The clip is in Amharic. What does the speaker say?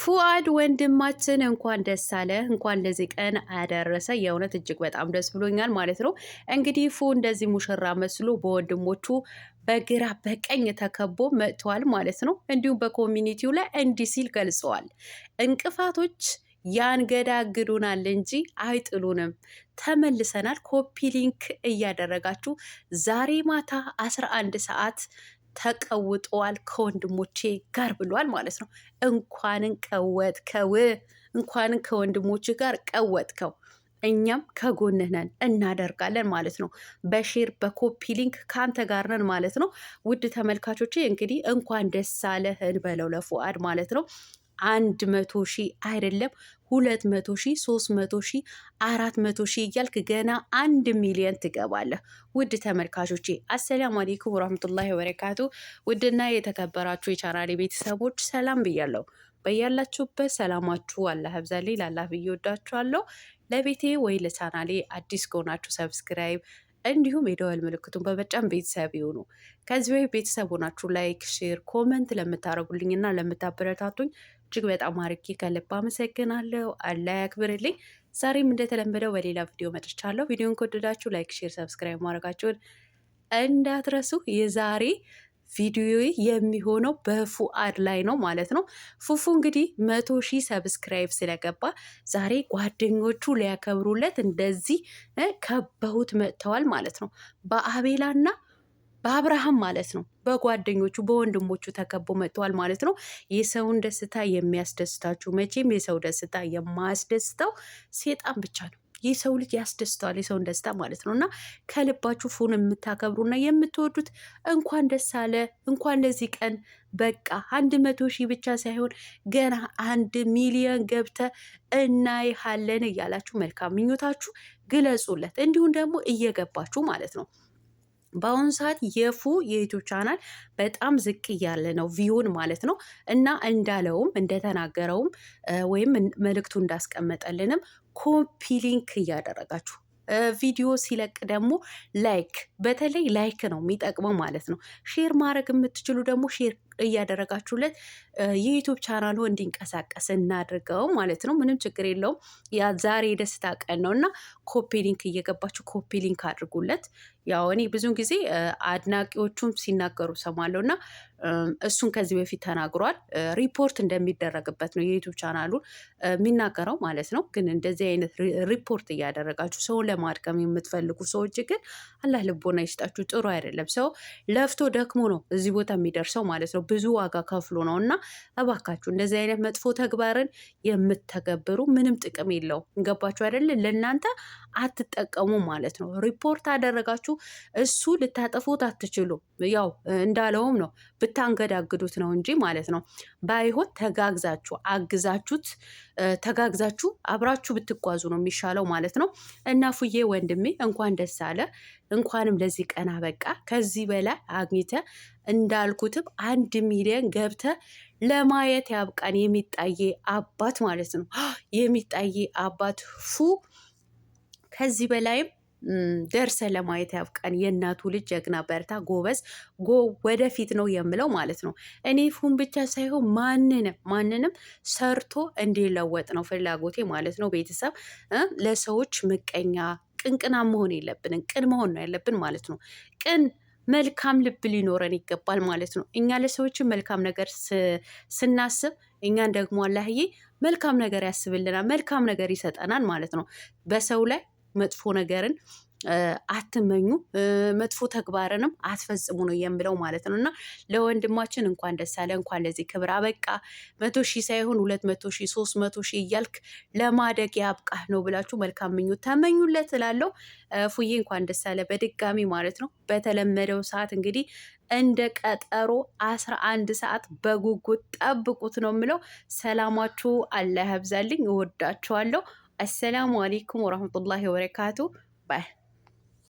ፉአድ ወንድማችን እንኳን ደስ አለ፣ እንኳን ለዚህ ቀን አደረሰ። የእውነት እጅግ በጣም ደስ ብሎኛል ማለት ነው። እንግዲህ ፉ እንደዚህ ሙሽራ መስሎ በወንድሞቹ በግራ በቀኝ ተከቦ መጥቷል ማለት ነው። እንዲሁም በኮሚኒቲው ላይ እንዲህ ሲል ገልጸዋል። እንቅፋቶች ያንገዳግዱናል እንጂ አይጥሉንም። ተመልሰናል። ኮፒ ሊንክ እያደረጋችሁ ዛሬ ማታ 11 ሰዓት ተቀውጠዋል ከወንድሞቼ ጋር ብሏል ማለት ነው። እንኳንን ቀወጥከው፣ እንኳንን ከወንድሞች ጋር ቀወጥከው። እኛም ከጎንህ ነን እናደርጋለን ማለት ነው። በሼር በኮፒ ሊንክ ከአንተ ጋር ነን ማለት ነው። ውድ ተመልካቾቼ እንግዲህ እንኳን ደስ አለህ እንበለው ለፉአድ ማለት ነው። አንድ መቶ ሺህ አይደለም ሁለት መቶ ሺህ ሶስት መቶ ሺህ አራት መቶ ሺህ እያልክ ገና አንድ ሚሊዮን ትገባለህ። ውድ ተመልካቾቼ አሰላሙ አሌይኩም ወራህመቱላሂ ወበረካቱ። ውድና የተከበራችሁ የቻናሌ ቤተሰቦች ሰላም ብያለሁ። በያላችሁበት ሰላማችሁ አላህ ብዛልኝ። ላላህ ብዬ ወዳችኋለሁ። ለቤቴ ወይ ለቻናሌ አዲስ ከሆናችሁ ሰብስክራይብ እንዲሁም የደወል ምልክቱን በመጫን ቤተሰብ ይሁኑ። ከዚህ ወይ ቤተሰብ ሆናችሁ ላይክ፣ ሼር፣ ኮመንት ለምታደርጉልኝና ለምታበረታቱኝ እጅግ በጣም አርጌ ከልብ አመሰግናለሁ። አላ ያክብርልኝ። ዛሬም እንደተለመደው በሌላ ቪዲዮ መጥቻለሁ። ቪዲዮን ከወደዳችሁ ላይክ፣ ሼር፣ ሰብስክራይብ ማድረጋችሁን እንዳትረሱ። የዛሬ ቪዲዮ የሚሆነው በፉአድ ላይ ነው ማለት ነው። ፉፉ እንግዲህ መቶ ሺህ ሰብስክራይብ ስለገባ ዛሬ ጓደኞቹ ሊያከብሩለት እንደዚህ ከበሁት መጥተዋል ማለት ነው በአቤላና በአብርሃም ማለት ነው። በጓደኞቹ በወንድሞቹ ተከቦ መጥተዋል ማለት ነው። የሰውን ደስታ የሚያስደስታችሁ መቼም የሰው ደስታ የማያስደስተው ሴጣን ብቻ ነው። ሰው ልጅ ያስደስተዋል የሰውን ደስታ ማለት ነው። እና ከልባችሁ ፉን የምታከብሩና የምትወዱት እንኳን ደስ አለ እንኳን ለዚህ ቀን በቃ አንድ መቶ ሺህ ብቻ ሳይሆን ገና አንድ ሚሊዮን ገብተ እናይሃለን እያላችሁ መልካም ምኞታችሁ ግለጹለት። እንዲሁም ደግሞ እየገባችሁ ማለት ነው በአሁኑ ሰዓት የፉ የዩቱብ ቻናል በጣም ዝቅ እያለ ነው ቪውን ማለት ነው። እና እንዳለውም እንደተናገረውም ወይም መልእክቱ እንዳስቀመጠልንም ኮፒ ሊንክ እያደረጋችሁ ቪዲዮ ሲለቅ ደግሞ ላይክ፣ በተለይ ላይክ ነው የሚጠቅመው ማለት ነው። ሼር ማድረግ የምትችሉ ደግሞ ሼር እያደረጋችሁለት የዩቱብ ቻናሉ እንዲንቀሳቀስ እናድርገው ማለት ነው። ምንም ችግር የለውም። ያ ዛሬ የደስታ ቀን ነው እና ኮፒ ሊንክ እየገባችሁ ኮፒ ሊንክ አድርጉለት። ያው እኔ ብዙን ጊዜ አድናቂዎቹም ሲናገሩ ሰማለሁ እና እሱን ከዚህ በፊት ተናግሯል። ሪፖርት እንደሚደረግበት ነው የዩቱብ ቻናሉ የሚናገረው ማለት ነው። ግን እንደዚህ አይነት ሪፖርት እያደረጋችሁ ሰውን ለማድቀም የምትፈልጉ ሰዎች ግን አላህ ልቦና ይስጣችሁ። ጥሩ አይደለም። ሰው ለፍቶ ደክሞ ነው እዚህ ቦታ የሚደርሰው ማለት ነው። ብዙ ዋጋ ከፍሎ ነው እና እባካችሁ እንደዚህ አይነት መጥፎ ተግባርን የምትተገብሩ ምንም ጥቅም የለው። እንገባችሁ አይደለ? ለእናንተ አትጠቀሙ ማለት ነው። ሪፖርት አደረጋችሁ እሱ ልታጠፉት አትችሉ ያው እንዳለውም ነው ብታንገዳግዱት ነው እንጂ ማለት ነው። ባይሆን ተጋግዛችሁ አግዛችሁት ተጋግዛችሁ አብራችሁ ብትጓዙ ነው የሚሻለው ማለት ነው። እና ፉዬ ወንድሜ እንኳን ደስ አለ፣ እንኳንም ለዚህ ቀን አበቃ። ከዚህ በላይ አግኝተ እንዳልኩትም አንድ ሚሊዮን ገብተ ለማየት ያብቃን። የሚጣዬ አባት ማለት ነው የሚጣዬ አባት ፉ ከዚህ በላይም ደርሰ ለማየት ያብቃን። የእናቱ ልጅ ጀግና፣ በርታ፣ ጎበዝ፣ ጎ ወደፊት ነው የምለው ማለት ነው። እኔ ፉን ብቻ ሳይሆን ማንንም ማንንም ሰርቶ እንዲለወጥ ነው ፍላጎቴ ማለት ነው። ቤተሰብ ለሰዎች ምቀኛ ቅንቅና መሆን የለብንም። ቅን መሆን ነው ያለብን ማለት ነው። ቅን መልካም ልብ ሊኖረን ይገባል ማለት ነው። እኛ ለሰዎችን መልካም ነገር ስናስብ እኛን ደግሞ አላህዬ መልካም ነገር ያስብልናል፣ መልካም ነገር ይሰጠናል ማለት ነው። በሰው ላይ መጥፎ ነገርን አትመኙ፣ መጥፎ ተግባርንም አትፈጽሙ ነው የምለው ማለት ነው። እና ለወንድማችን እንኳን ደስ አለ፣ እንኳን ለዚህ ክብር አበቃ። መቶ ሺህ ሳይሆን ሁለት መቶ ሺህ ሶስት መቶ ሺህ እያልክ ለማደግ ያብቃ ነው ብላችሁ መልካም ምኞት ተመኙለት እላለሁ። ፉዬ እንኳን ደስ አለ በድጋሚ ማለት ነው። በተለመደው ሰዓት እንግዲህ እንደ ቀጠሮ አስራ አንድ ሰዓት በጉጉት ጠብቁት ነው የምለው። ሰላማችሁ አላህ ያብዛልኝ። እወዳችኋለሁ። السلام عليكم ورحمة الله وبركاته باي